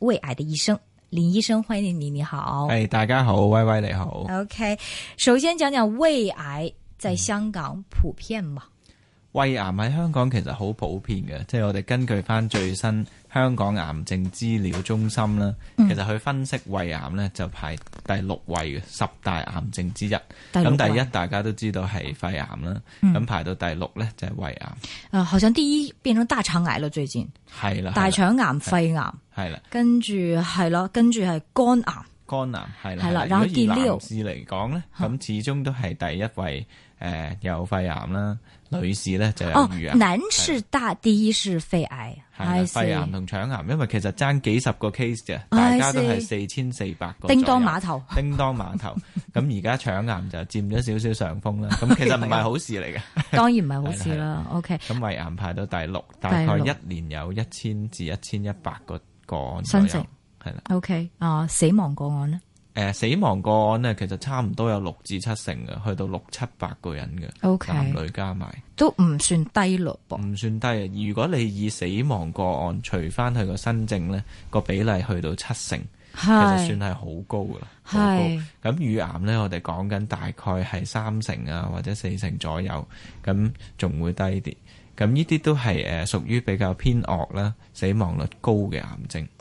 胃癌的醫生林醫生，歡迎你，你好。哎，大家好，威威你好。OK，首先講講胃癌在香港普遍嗎？嗯，胃癌喺香港其實好普遍嘅，即係我哋根據翻最新，香港癌症資料中心啦，其實佢分析胃癌咧就排第六位嘅，嗯、十大癌症之一。咁第，第一大家都知道係肺癌啦，咁，嗯、排到第六咧就係胃癌。誒，啊，好像啲變咗大腸癌啦，最近係啦，大腸癌、肺癌係啦，啦，啦，跟住係咯，跟住係肝癌。肝癌係啦，係啦。是啦如果以男士嚟講咧，咁後、嗯、始終都係第一位，誒，呃，有肺癌啦。女士咧就係乳癌，男士大，第一是肺癌，肺癌同腸癌，因為其實爭幾十個 case 啫，大家都係四千四百個。叮當碼頭，叮當碼頭，咁而家腸癌就佔咗少少上風啦。咁其實唔係好事嚟嘅，當然唔係好事啦。OK，咁胃癌排到第六，大概一年有一千至一千一百個個案左右，係啦。OK，啊，死亡個案咧。誒、呃，死亡個案咧，其實差唔多有六至七成嘅，去到六七百個人嘅，Okay. 男女加埋都唔算低率噃，唔算低。如果你以死亡個案除翻佢個新症咧，個比例去到七成，是其實算係好高噶啦。係咁，是乳癌咧，我哋講緊大概係三成啊，或者四成左右，咁仲會低啲。咁呢啲都係誒，屬、呃、於比較偏惡啦，死亡率高嘅癌症。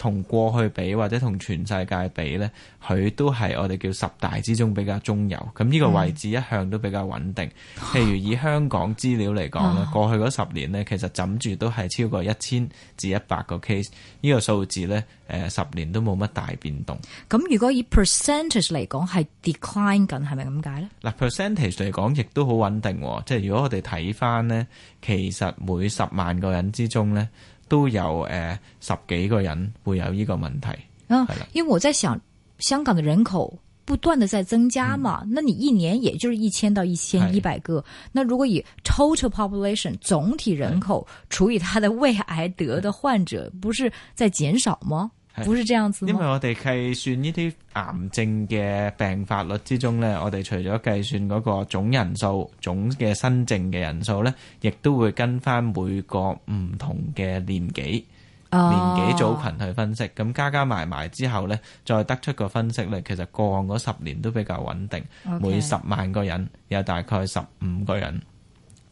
同過去比或者同全世界比呢，佢都係我哋叫十大之中比較中游，咁呢個位置一向都比較穩定。嗯、譬如以香港資料嚟講咧，啊、過去嗰十年呢，其實枕住都係超過一千至一百個 case，呢、呢個數字呢，呃、十年都冇乜大變動。咁如果以 percentage 嚟講係 decline 緊，係咪咁解呢？嗱 percentage 嚟講，亦都好穩定，啊，即係如果我哋睇翻呢，其實每十萬個人之中呢。都有誒、呃、十幾個人會有呢個問題。嗯、啊，因為我在想香港的人口不斷的在增加嘛，嗯、那你一年也就是一千到一千一百個。是那如果以 total population 總體人口是除以他的胃癌得的患者，不是在減少嗎？不是這樣子，因為我哋計算呢啲癌症嘅病發率之中呢，我哋除咗計算嗰個總人數、總嘅新症嘅人數呢，亦都會跟翻每個唔同嘅年紀、年紀組群去分析。咁、oh. 加加埋埋之後呢，再得出個分析咧，其實過往嗰十年都比較穩定。Okay. 每十萬個人有大概十五個人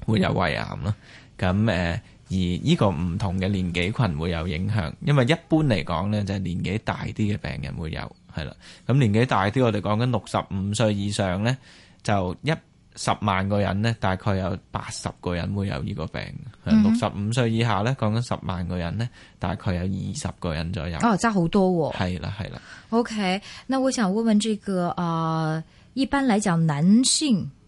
會有胃癌咯。咁誒、mm.。呃而呢個唔同嘅年紀群會有影響，因為一般嚟講呢，就係、是、年紀大啲嘅病人會有，係啦。咁年紀大啲，我哋講緊六十五歲以上呢，就一，十萬個人呢，大概有八十個人會有呢個病。六十五歲以下呢，講緊十萬個人呢，大概有二十個人左右。哦，差好多喎、哦。係啦，係啦。OK，那我想問問這個啊、呃，一般嚟講，男性。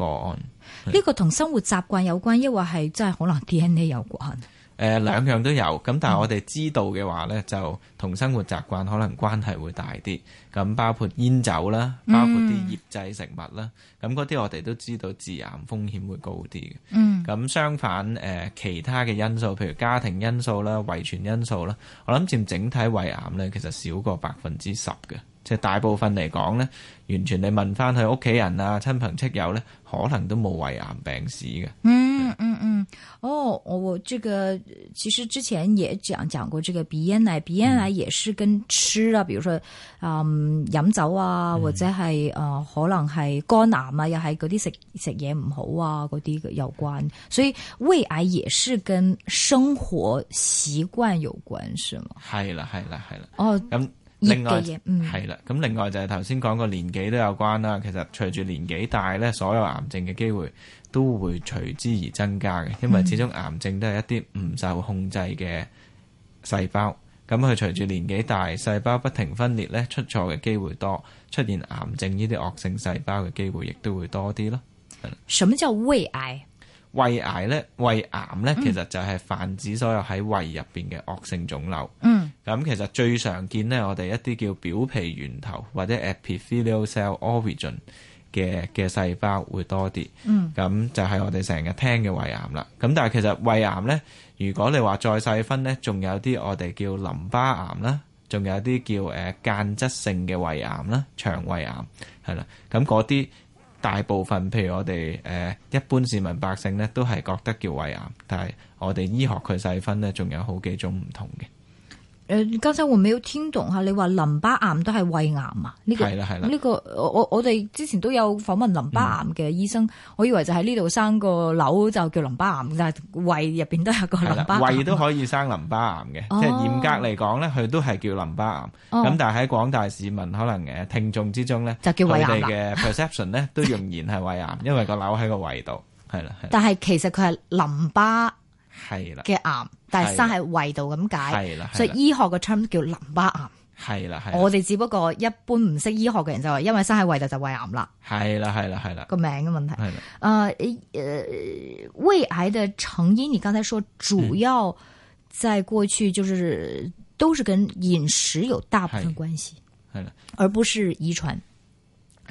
個案呢個同生活習慣有關，抑或係真係可能 DNA 有關。誒、呃，兩樣都有。咁但係我哋知道嘅話呢、嗯、就同生活習慣可能關係會大啲。咁包括煙酒啦，包括啲醃製食物啦，咁嗰啲我哋都知道致癌風險會高啲嘅。嗯。咁相反，誒、呃、其他嘅因素，譬如家庭因素啦、遺傳因素啦，我諗佔整體胃癌呢，其實少過百分之十嘅。就大部分嚟講咧，完全你問翻佢屋企人啊、親朋戚友咧，可能都冇胃癌病史嘅、嗯。嗯嗯嗯，哦，我這個其實之前也講講過，這個鼻咽癌，鼻咽癌也是跟吃啊，比如說，嗯，飲酒啊，或者係誒、呃，可能係肝癌啊，又係嗰啲食食嘢唔好啊，嗰啲有關。所以胃癌也是跟生活習慣有關，是嗎？係啦，係啦，係啦。哦咁。嗯另外係啦，咁、嗯、另外就係頭先講個年紀都有關啦。其實隨住年紀大呢，所有癌症嘅機會都會隨之而增加嘅，因為始終癌症都係一啲唔受控制嘅細胞。咁佢、嗯、隨住年紀大，細胞不停分裂呢，出錯嘅機會多，出現癌症呢啲惡性細胞嘅機會亦都會多啲咯。什麼叫胃癌？胃癌呢？胃癌呢，嗯、其實就係泛指所有喺胃入邊嘅惡性腫瘤。嗯。咁其實最常見咧，我哋一啲叫表皮源頭或者 epithelial cell origin 嘅嘅細胞會多啲。咁、嗯嗯、就係、是、我哋成日聽嘅胃癌啦。咁但係其實胃癌咧，如果你話再細分咧，仲有啲我哋叫淋巴癌啦，仲有啲叫誒間質性嘅胃癌啦、腸胃癌係啦。咁嗰啲大部分，譬如我哋誒一般市民百姓咧，都係覺得叫胃癌，但係我哋醫學佢細分咧，仲有好幾種唔同嘅。誒，家陣會唔會有聽同下你話淋巴癌都係胃癌啊？呢、呢個呢、呢個，我我哋之前都有訪問淋巴癌嘅醫生，嗯、我以為就喺呢度生個瘤就叫淋巴癌㗎，但係，胃入邊都有個淋巴癌，胃都可以生淋巴癌嘅，哦、即係嚴格嚟講咧，佢都係叫淋巴癌。咁、哦、但係喺廣大市民可能嘅聽眾之中咧，就叫胃癌，佢哋嘅 perception 咧都仍然係胃癌， 因為個瘤喺個胃度，係啦。但係其實佢係淋巴。係啦，嘅癌，但係生喺胃度咁解，所以醫學嘅 term 叫淋巴癌。係啦係，我哋只不過一般唔識醫學嘅人就話，因為生喺胃度就胃癌啦。係啦係啦係啦，個名嘅問題。係啦，誒誒，胃癌嘅成因，你剛才說主要在過去就是都是跟飲食有大部分關係，係啦，而不是遺傳。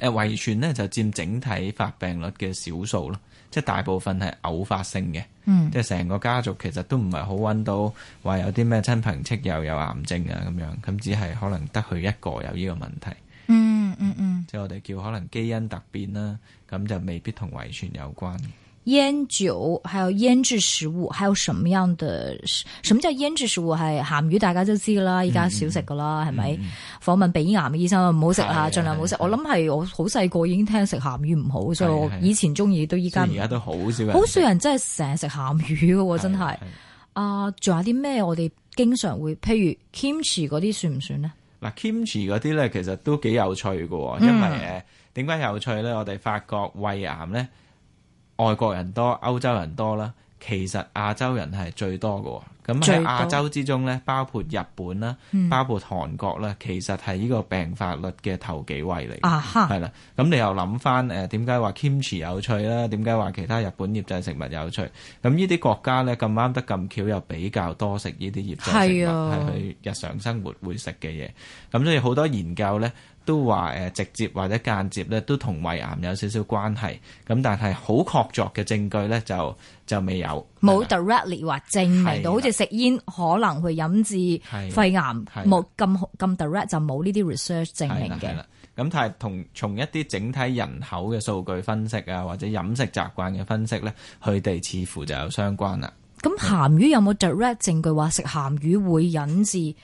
誒遺傳咧就佔整體發病率嘅少數咯，即係大部分係偶發性嘅，嗯、即係成個家族其實都唔係好揾到話有啲咩親朋戚友有癌症啊咁樣，咁只係可能得佢一個有呢個問題。嗯嗯嗯，嗯，即係我哋叫可能基因突變啦，咁就未必同遺傳有關。煙酒，還有醃製食物，還有什麼樣嘅？什麼叫醃製食物？係鹹魚，大家都知啦，依家少食噶啦，係咪、嗯？訪、嗯、問鼻咽癌嘅醫生啦，唔好食啊，盡的量唔好食。是的我諗係我好細個已經聽食鹹魚唔好，所以我以前中意，的都依家而家都好少食。好少人真係成日食鹹魚嘅喎，真係。的的啊，仲有啲咩我哋經常會，譬如 kimchi 嗰啲算唔算呢嗱，kimchi 嗰啲咧，其實都幾有趣嘅，因為誒，點解、嗯、有趣咧？我哋發覺胃癌咧。外國人多、歐洲人多啦，其實亞洲人係最多嘅。咁喺亞洲之中咧，多包括日本啦，嗯、包括韓國啦，其實係呢個病發率嘅頭幾位嚟。啊哈，係啦。咁你又諗翻誒，點、呃、解話 kimchi 有趣啦？點解話其他日本醃製食物有趣？咁呢啲國家咧咁啱得咁巧，又比較多食呢啲醃製食物係佢、啊、日常生活會食嘅嘢。咁所以好多研究咧。都話誒，直接或者間接咧，都同胃癌有少少關係。咁但係好確鑿嘅證據咧，就就未有。冇 directly 話證明到，好似食煙可能會引致肺癌，冇咁咁 direct 就冇呢啲 research 證明嘅。咁但係同從一啲整體人口嘅數據分析啊，或者飲食習慣嘅分析咧，佢哋似乎就有相關啦。咁鹹魚有冇 direct 證據話食鹹魚會引致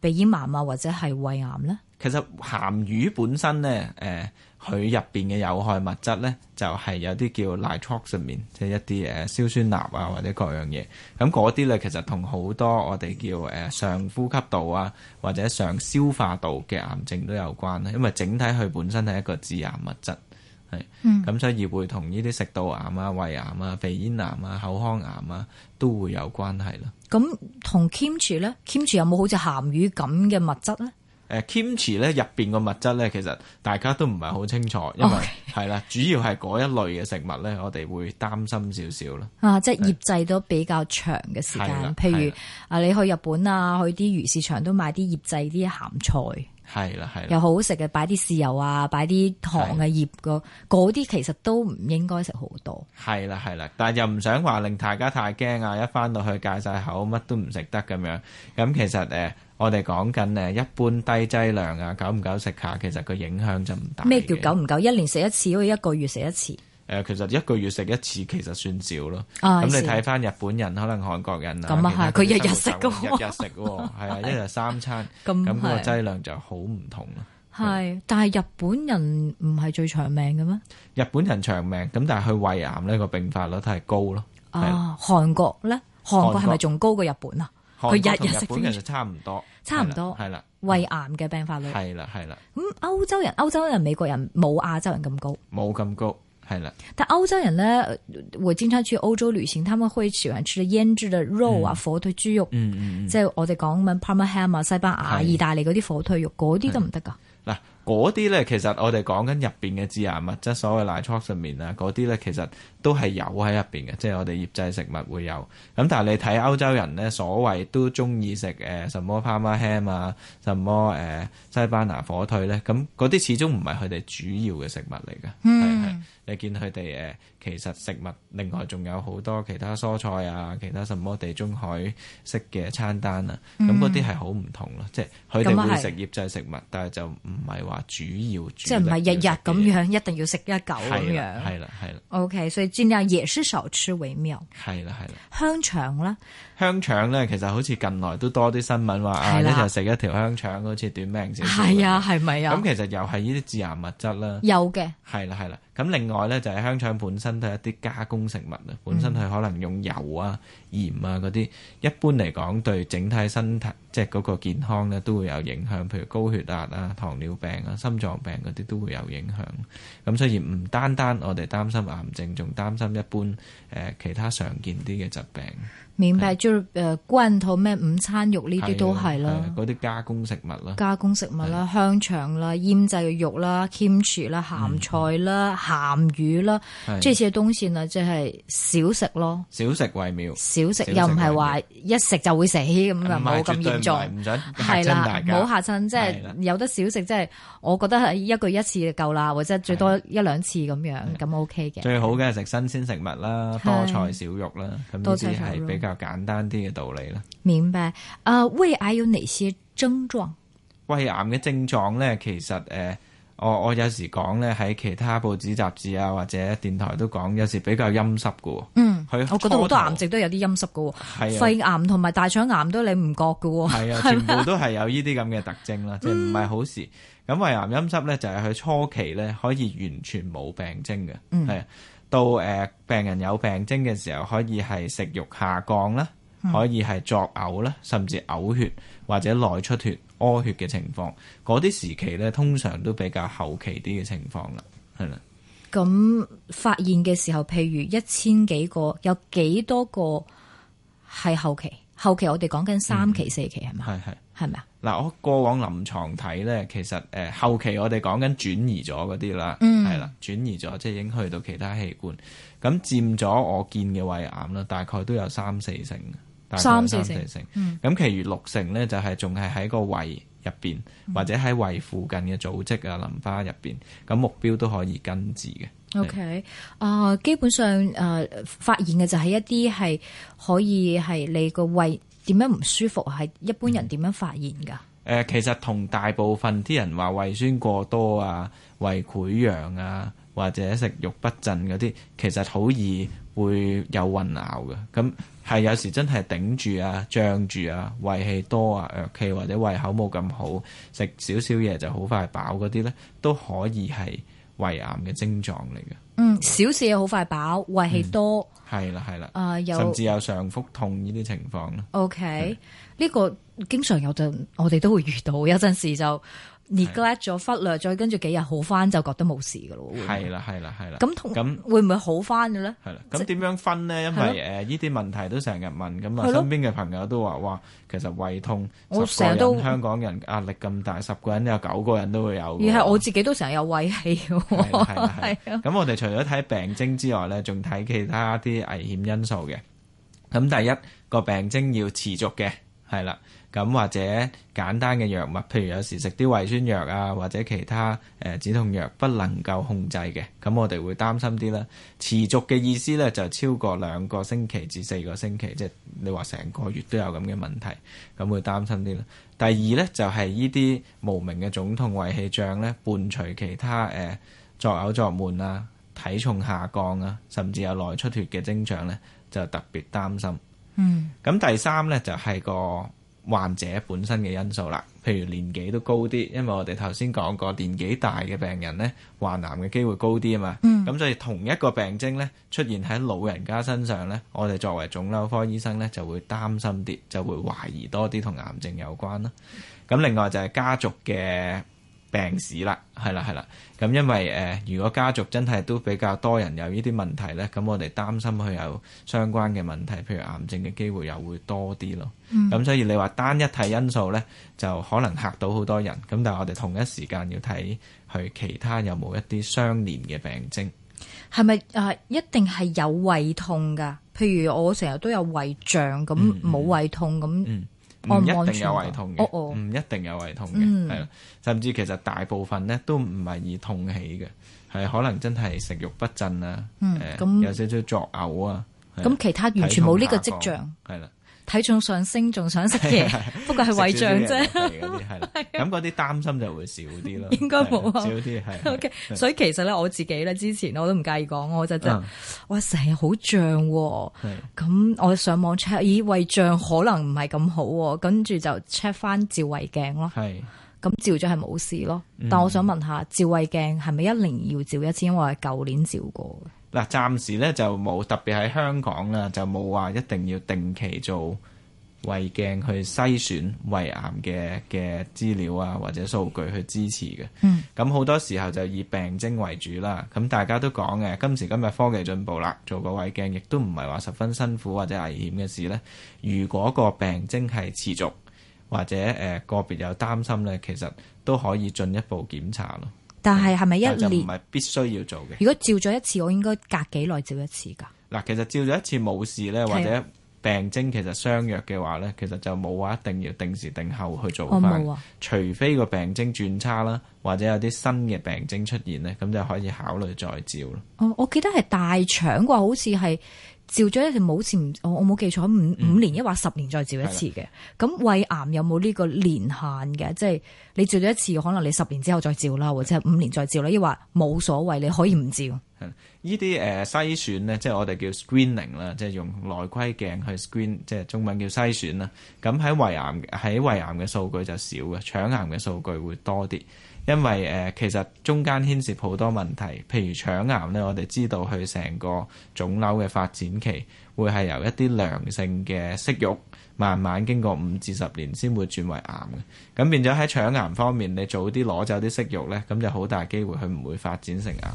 鼻咽癌啊，或者係胃癌咧，啊？其實鹹魚本身咧，誒、呃，佢入邊嘅有害物質咧，就係、是、有啲叫 nitrosamine，即係一啲誒硝酸鈉啊，或者各樣嘢。咁嗰啲咧，其實同好多我哋叫誒、呃、上呼吸道啊，或者上消化道嘅癌症都有關，因為整體佢本身係一個致癌物質係。咁、嗯、所以會同呢啲食道癌啊、胃癌啊、鼻咽癌啊、口腔癌啊都會有關係啦。咁同、嗯、kimchi 咧，kimchi 有冇好似鹹魚咁嘅物質咧？誒，kimchi 咧，入邊個物質咧，其實大家都唔係好清楚。Okay. 因為係啦，主要係嗰一類嘅食物咧，我哋會擔心少少啊，即係醃製都比較長嘅時間，的譬如啊，的你去日本啊，去啲魚市場都買啲醃製啲鹹菜。係啦係啦，是是又好食嘅，擺啲豉油啊，擺啲糖啊，醃個嗰啲其實都唔應該食好多是。係啦係啦，但係又唔想話令大家太驚啊，一翻到去戒晒口，乜都唔食得咁樣。咁其實誒，我哋講緊誒，一般低劑量啊，久唔久食下，其實個影響就唔大。咩叫久唔久？一年食一次，好似一個月食一次。誒，其實一個月食一次其實算少咯。咁你睇返日本人，可能韓國人啊，咁啊係佢日日食㗎喎，日日食喎，係啊一日三餐咁，咁個劑量就好唔同啦。係，但係日本人唔係最長命嘅咩？日本人長命咁，但係佢胃癌呢個病發率都係高咯。啊，韓國咧，韓國係咪仲高過日本啊？佢日日食，本人就差唔多，差唔多係啦。胃癌嘅病發率係啦係啦。咁歐洲人、歐洲人、美國人冇亞洲人咁高，冇咁高。係啦，但歐洲人咧，我經常去歐洲旅行，他們會喜歡吃醃製的肉啊，嗯、火腿豬肉。嗯，即係我哋講咩 Parma Ham 啊，西班牙、意大利嗰啲火腿肉，嗰啲都唔得噶。嗱，嗰啲咧，其實我哋講緊入邊嘅致癌物質，所謂 nitrosamine 啊，嗰啲咧，其實都係有喺入邊嘅，即係我哋醃製食物會有。咁但係你睇歐洲人咧，所謂都中意食誒，什麼 Parma Ham 啊，什麼誒西班牙火腿咧，咁嗰啲始終唔係佢哋主要嘅食物嚟嘅。你見佢哋其實食物另外仲有好多其他蔬菜啊，其他什麼地中海式嘅餐單啊，咁嗰啲係好唔同啦，即係佢哋會食醃製食物，嗯、但係就唔係話主要，主要即係唔係日日咁樣一定要食一嚿咁樣？係啦係啦。O、okay, K，所以儘量也是少吃為妙。係啦係啦。啦香腸啦。香腸咧，其實好似近來都多啲新聞話啦啊，你就食一條香腸好似短命死。係啊係咪啊？咁、嗯、其實又係呢啲致癌物質啦。有嘅係啦係啦。咁另外咧就係香腸本身都係一啲加工食物啊，本身係可能用油啊。鹽啊嗰啲，一般嚟講對整體身體即係嗰個健康咧都會有影響，譬如高血壓啊、糖尿病啊、心臟病嗰、啊、啲都會有影響。咁所以唔單單我哋擔心癌症，仲擔心一般誒、呃、其他常見啲嘅疾病。明白，是就誒罐頭咩午餐肉呢啲都係啦，嗰啲加工食物啦，加工食物啦，的香腸啦、醃製嘅肉啦、乾廚啦、鹹菜啦、鹹魚啦，即、嗯、這些東西嗱即係少食咯，少的食為妙。少食又唔係話一食就會死咁，又冇咁嚴重，係啦，唔好吓親，即係有得少食，即係我覺得係一個月一次夠啦，或者最多一兩次咁樣，咁 OK 嘅。最好嘅係食新鮮食物啦，多菜少肉啦，咁呢啲係比較簡單啲嘅道理啦。明白。啊，胃癌有哪些症狀？胃癌嘅症狀咧，其實誒。我我有時講咧，喺其他報紙、雜誌啊，或者電台都講，有時比較陰濕嘅、啊。嗯，佢我覺得好多癌症都有啲陰濕㗎喎、啊，啊、肺癌同埋大腸癌都你唔覺嘅，係啊，全部都係有呢啲咁嘅特徵啦、啊，即係唔係好事。咁胃癌陰濕咧，就係、是、佢初期咧可以完全冇病徵嘅，係、嗯、啊，到、呃、病人有病徵嘅時候，可以係食慾下降啦、啊，嗯、可以係作嘔啦、啊，甚至嘔血或者內出血。屙血嘅情況，嗰啲時期咧通常都比較後期啲嘅情況啦，係啦。咁發現嘅時候，譬如一千幾個，有幾多個係後期？後期我哋講緊三期、四期係咪？係係係咪啊？嗱，我過往臨床睇咧，其實誒、呃、後期我哋講緊轉移咗嗰啲啦，係啦，轉移咗即係已經去到其他器官。咁佔咗我見嘅胃癌啦，大概都有三四成。三四成，咁、嗯、其餘六成咧就係仲係喺個胃入邊、嗯、或者喺胃附近嘅組織啊、淋巴入邊，咁目標都可以根治嘅。OK，啊、呃，基本上誒、呃，發現嘅就係一啲係可以係你個胃點樣唔舒服，係一般人點樣發現噶？誒、嗯呃，其實同大部分啲人話胃酸過多啊、胃潰瘍啊，或者食欲不振嗰啲，其實好易會有混淆嘅。咁、嗯係有時真係頂住啊、脹住啊、胃氣多啊、弱氣、OK？或者胃口冇咁好，食少少嘢就好快飽嗰啲咧，都可以係胃癌嘅症狀嚟嘅。嗯，小事又好快飽，胃氣多，係啦係啦，呃、有甚至有上腹痛呢啲情況咯。OK。呢個經常有陣，我哋都會遇到，有陣時就忽略咗忽略，再跟住幾日好翻，就覺得冇事噶咯。係啦，係啦，係啦。咁同咁會唔會好翻嘅咧？係啦，咁點樣分咧？因為誒呢啲問題都成日問，咁啊身邊嘅朋友都話：哇，其實胃痛，我成日都，十個人香港人壓力咁大，十個人有九個人都會有。而係我自己都成日有胃氣。係啦，係啦。咁我哋除咗睇病徵之外咧，仲睇其他啲危險因素嘅。咁第一個病徵要持續嘅。係啦，咁或者簡單嘅藥物，譬如有時食啲胃酸藥啊，或者其他誒止痛藥不能夠控制嘅，咁我哋會擔心啲啦。持續嘅意思呢就超過兩個星期至四個星期，即係你話成個月都有咁嘅問題，咁會擔心啲啦。第二呢，就係呢啲無名嘅腫痛、胃氣脹呢，伴隨其他誒作嘔、作悶啊、體重下降啊，甚至有內出血嘅徵象呢，就特別擔心。嗯，咁第三咧，就係個患者本身嘅因素啦，譬如年紀都高啲，因為我哋頭先講過年紀大嘅病人咧，患癌嘅機會高啲啊嘛，嗯，咁所以同一個病徵咧，出現喺老人家身上咧，我哋作為腫瘤科醫生咧就會擔心啲，就會懷疑多啲同癌症有關啦。咁另外就係家族嘅。病史啦，係啦，係啦。咁因為誒、呃，如果家族真係都比較多人有呢啲問題呢，咁我哋擔心佢有相關嘅問題，譬如癌症嘅機會又會多啲咯。咁、嗯、所以你話單一睇因素呢，就可能嚇到好多人。咁但係我哋同一時間要睇佢其他有冇一啲相連嘅病徵。係咪啊？一定係有胃痛噶？譬如我成日都有胃脹，咁冇胃痛咁。唔一定有胃痛嘅，唔一定有胃痛嘅，oh，係啦，oh，甚至其實大部分咧都唔係以痛起嘅，係可能真係食欲不振啊，誒，有少少作嘔啊，咁其他完全冇呢個跡象，係啦。體重上升，仲想食嘢， 不過係胃脹啫，係咁嗰啲擔心就會少啲咯。 應該冇啊，少啲係。OK，的所以其實咧，我自己咧，之前我都唔介意講，我就就，我成日好脹喎。咁、哦、是的 我上網 check，咦，胃脹可能唔係咁好喎。跟住就 check 翻照胃鏡咯。係。咁照咗係冇事咯。嗯、但我想問下，照胃鏡係咪一年要照一次？因為我係舊年照過嘅。嗱，暫時咧就冇，特別喺香港啦，就冇話一定要定期做胃鏡去篩選胃癌嘅嘅資料啊，或者數據去支持嘅。嗯，咁好多時候就以病徵為主啦。咁大家都講嘅，今時今日科技進步啦，做個胃鏡亦都唔係話十分辛苦或者危險嘅事咧。如果個病徵係持續，或者誒、呃、個別有擔心咧，其實都可以進一步檢查咯。但係係咪一年唔係必須要做嘅？如果照咗一次，我應該隔幾耐照一次噶？嗱，其實照咗一次冇事咧，或者病徵其實相約嘅話咧，的其實就冇話一定要定時定候去做翻。哦啊、除非個病徵轉差啦，或者有啲新嘅病徵出現咧，咁就可以考慮再照咯。哦，我記得係大腸喎，好似係。照咗一次冇，前我我冇記錯五五年抑或十年再照一次嘅。咁、嗯、胃癌有冇呢個年限嘅？即係你照咗一次，可能你十年之後再照啦，或者係五年再照啦，抑或冇所謂，你可以唔照。呢啲誒篩選咧，即係我哋叫 screening 啦，即係用內窺鏡去 screen，即係中文叫篩選啦。咁喺胃癌喺胃癌嘅數據就少嘅，腸癌嘅數據會多啲。因為、呃、其實中間牽涉好多問題，譬如腸癌呢，我哋知道佢成個腫瘤嘅發展期，會係由一啲良性嘅息肉，慢慢經過五至十年先會轉為癌嘅。咁變咗喺腸癌方面，你早啲攞走啲息肉呢，咁就好大機會佢唔會發展成癌。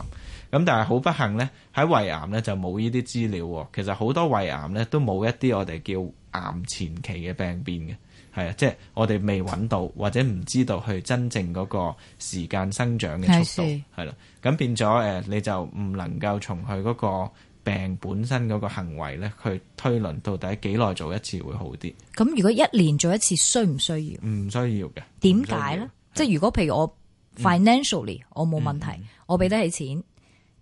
咁但係好不幸呢，喺胃癌呢就冇呢啲資料喎、哦。其實好多胃癌呢都冇一啲我哋叫癌前期嘅病變嘅。係啊，即係我哋未揾到或者唔知道佢真正嗰個時間生長嘅速度，係啦的。咁變咗誒，你就唔能夠從佢嗰個病本身嗰個行為咧，去推論到底幾耐做一次會好啲。咁如果一年做一次，需唔需要？唔需要嘅。點解咧？即係的如果譬如我 financially，嗯、我冇問題，嗯，我俾得起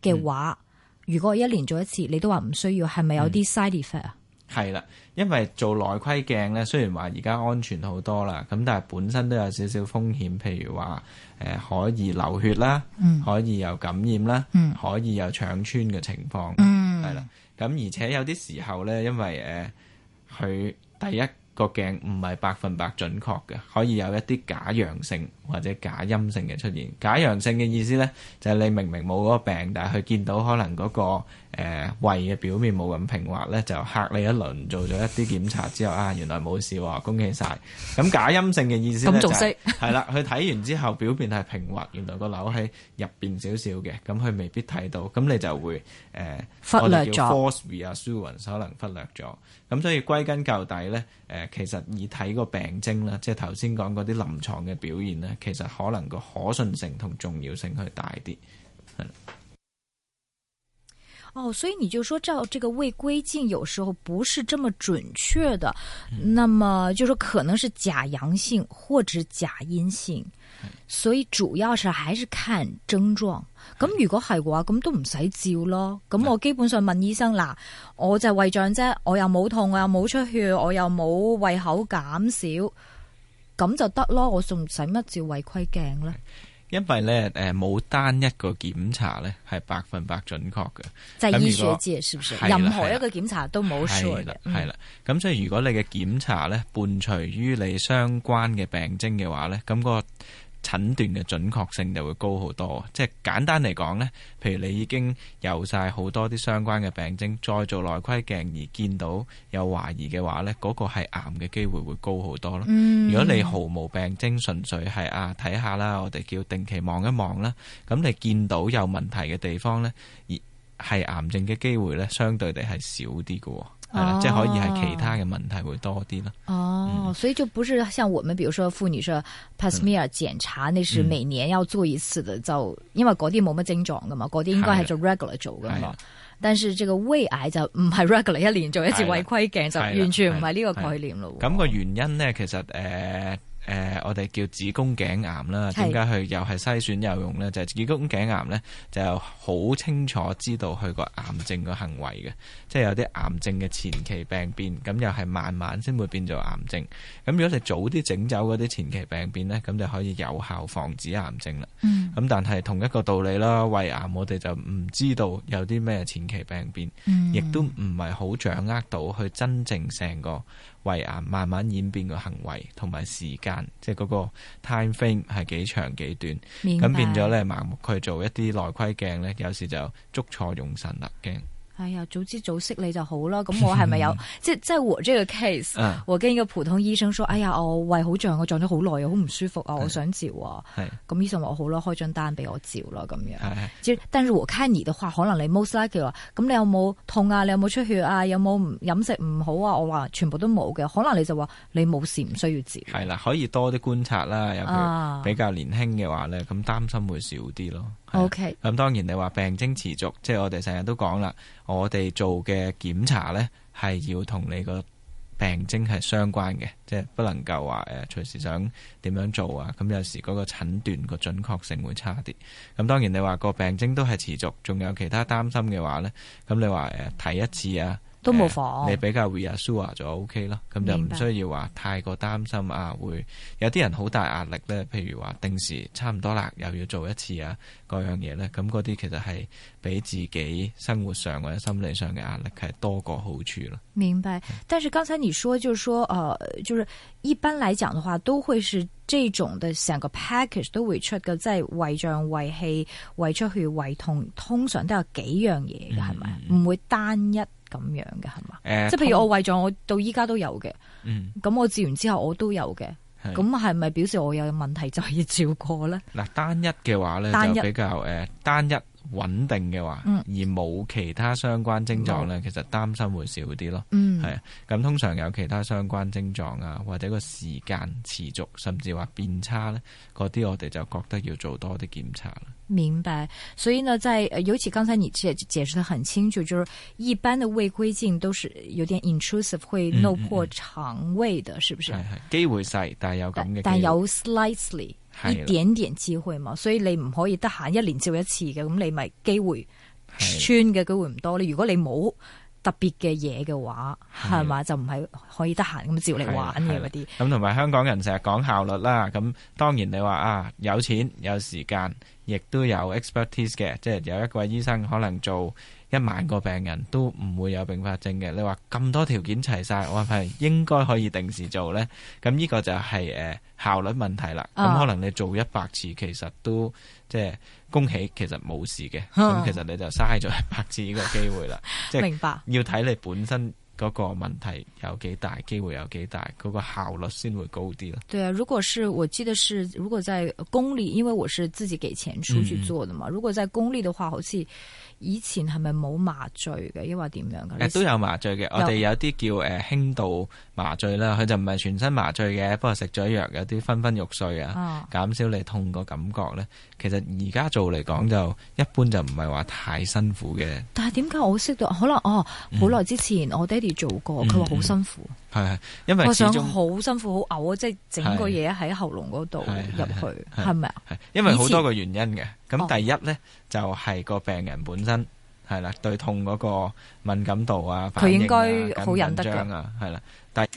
錢嘅話，嗯、如果我一年做一次，你都話唔需要，係咪有啲 side effect 啊，嗯？係啦，因為做內窺鏡咧，雖然話而家安全好多啦，咁但係本身都有少少風險，譬如話誒、呃、可以流血啦，嗯、可以有感染啦，嗯、可以有腸穿嘅情況，係啦。咁而且有啲時候咧，因為誒佢、呃、第一個鏡唔係百分百準確嘅，可以有一啲假陽性或者假陰性嘅出現。假陽性嘅意思咧，就係、是、你明明冇嗰個病，但係佢見到可能嗰、那個。誒、呃、胃嘅表面冇咁平滑咧，就嚇你一輪，做咗一啲檢查之後啊，原來冇事喎，恭喜晒。咁假陰性嘅意思咧，係啦，佢 睇、就是、完之後表面係平滑，原來個瘤喺入面少少嘅，咁佢未必睇到，咁你就會誒、呃、忽略咗。false reassurance 可能忽略咗。咁所以歸根究底咧、呃，其實以睇個病徵啦，即係頭先講嗰啲臨床嘅表現咧，其實可能個可信性同重要性去大啲，係。哦，所以你就說照這個胃窺鏡有時候不是這麼準確的，嗯、那麼就是說可能是假陽性或者假陰性，嗯、所以主要是還是看症狀。咁、嗯、如果係嘅話，咁都唔使照咯。咁我基本上問醫生啦，嗯、我就胃脹啫，我又冇痛，我又冇出血，我又冇胃口減少，咁就得咯，我仲使乜照胃窺鏡呢？嗯因為咧，誒，冇單一個檢查咧係百分百準確嘅，就醫學界係唔係任何一個檢查都冇錯嘅，係啦，係啦。咁所以如果你嘅檢查咧伴隨於你相關嘅病徵嘅話咧，咁個。診斷嘅準確性就會高好多，即係簡單嚟講呢，譬如你已經有晒好多啲相關嘅病徵，再做內窺鏡而見到有懷疑嘅話呢，嗰、那個係癌嘅機會會高好多咯。嗯、如果你毫無病徵，純粹係啊睇下啦，我哋叫定期望一望啦，咁你見到有問題嘅地方呢，而係癌症嘅機會呢，相對地係少啲喎。係啦，是啊、即係可以係其他嘅問題會多啲啦。哦、啊，嗯、所以就不是像我們，比如說婦女說 Pap smear 檢查，那是每年要做一次嘅。嗯、就因為嗰啲冇乜症狀噶嘛，嗰啲、嗯、應該係做 regular 做噶嘛。是的但是這個胃癌就唔係 regular，一年做一次胃窺鏡就完全唔係呢個概念咯。咁我個原因咧，其實誒。呃誒、呃，我哋叫子宮頸癌啦，點解佢又係篩選有用呢？就係、子宮頸癌呢，就好清楚知道佢個癌症嘅行為嘅，即係有啲癌症嘅前期病變，咁又係慢慢先會變做癌症。咁如果你早啲整走嗰啲前期病變呢，咁就可以有效防止癌症啦。咁、嗯、但係同一個道理啦，胃癌我哋就唔知道有啲咩前期病變，亦、嗯、都唔係好掌握到去真正成個胃癌慢慢演變個行為同埋時間，即係嗰個 time frame 係幾長幾短，咁白變咗咧，盲目去做一啲內窺鏡咧，有時就捉錯用神立鏡。哎呀，早知早識你就好啦！咁我係咪有 即即和這個 case？、啊、我跟個普通醫生說，哎呀，我、哦、胃好脹我脹咗好耐，好唔舒服啊！的我想照啊！咁的醫生話，我好啦，開張單俾我照啦，咁樣。的但係和 Kenny 都話，可能你 most likely 話，咁你有冇痛啊？你有冇出血啊？有冇飲食唔好啊？我話全部都冇嘅，可能你就話你冇事，唔需要照。係啦，可以多啲觀察啦，尤其比較年輕嘅話咧，咁、啊、擔心會少啲咯。啊、O.K. 咁、嗯、當然你話病徵持續，即、就、係、是、我哋成日都講啦，我哋做嘅檢查呢，係要同你個病徵係相關嘅，即、就、係、是、不能夠話誒隨時想點樣做啊。咁、嗯、有時嗰個診斷個準確性會差啲。咁、嗯、當然你話個病徵都係持續，仲有其他擔心嘅話呢？咁、嗯嗯、你話誒睇一次啊？都冇妨、呃，你比較會 reassure 啊，okay, 那就 OK 咯。咁就唔需要話太過擔心啊。會有啲人好大壓力咧，譬如話定時差唔多啦，又要做一次啊，嗰樣嘢咧，咁嗰啲其實係畀自己生活上或者心理上嘅壓力係多過好處咯。明白。但是，剛才你說，就是說，呃，就係一般嚟講嘅話，都會是這種嘅成個 package 都會出，即係胃脹、胃氣、胃出血、胃痛，通常都有幾樣嘢嘅，係咪唔會單一？咁樣嘅係嘛？即係誒譬如我胃脹我到依家都有嘅，咁、嗯、我治完之後我都有嘅，咁係咪表示我有問題就要照過呢？嗱，單一嘅話呢，一就比較誒、呃、單一穩定嘅話，嗯、而冇其他相關症狀呢，嗯、其實擔心會少啲咯。係咁、嗯、通常有其他相關症狀啊，或者個時間持續，甚至話變差呢，嗰啲我哋就覺得要做多啲檢查啦。明白，所以呢，在尤其剛才你解解釋得很清楚，就是一般的胃窺鏡都是有點 intrusive，會弄破腸胃的，嗯嗯嗯，是不是？係，係機會細，但係有咁嘅，但有 slightly 對一點點機會嘛，所以你唔可以得閒一年照一次嘅，咁你咪機會穿嘅機會唔多。你如果你冇。特別嘅嘢嘅話，係嘛，的就唔係可以得閒咁照嚟玩嘅嗰啲。咁同埋香港人成日講效率啦，咁當然你話啊，有錢有時間，亦都有 expertise 嘅，即係有一位醫生可能做。一萬個病人都唔會有併發症嘅，你話咁多條件齊晒，我係應該可以定時做呢？咁呢個就係、是呃、效率問題啦。咁可能你做一百次，其實都即係恭喜，其實冇事嘅。咁其實你就嘥咗一百次呢個機會啦。 即明白要睇你本身。嗰個問題有幾大，機會有幾大，嗰個效率先會高啲咯。對啊，如果是我記得是，如果在公立，因為我是自己給錢出去做的嘛。嗯、如果在公立的話，好似以前係咪冇麻醉嘅，抑或點樣嘅？都有麻醉嘅，有我哋有啲叫誒輕度麻醉啦，佢就唔係全身麻醉嘅，不過食咗藥有啲昏昏欲睡啊，減、啊、少你痛個感覺咧。其實而家做嚟講就一般就唔係話太辛苦嘅。但係點解我識到可能哦，好耐之前、嗯、我爹哋。做過，佢話好辛苦，係係、嗯嗯，因為好辛苦，好嘔啊！即、就、係、是、整個嘢喺喉嚨嗰度入去，係咪啊？因為好多個原因嘅，咁次第一咧、哦、就係個病人本身係啦，對痛嗰個敏感度啊，佢應啊、應該好緊張啊，係啦，但。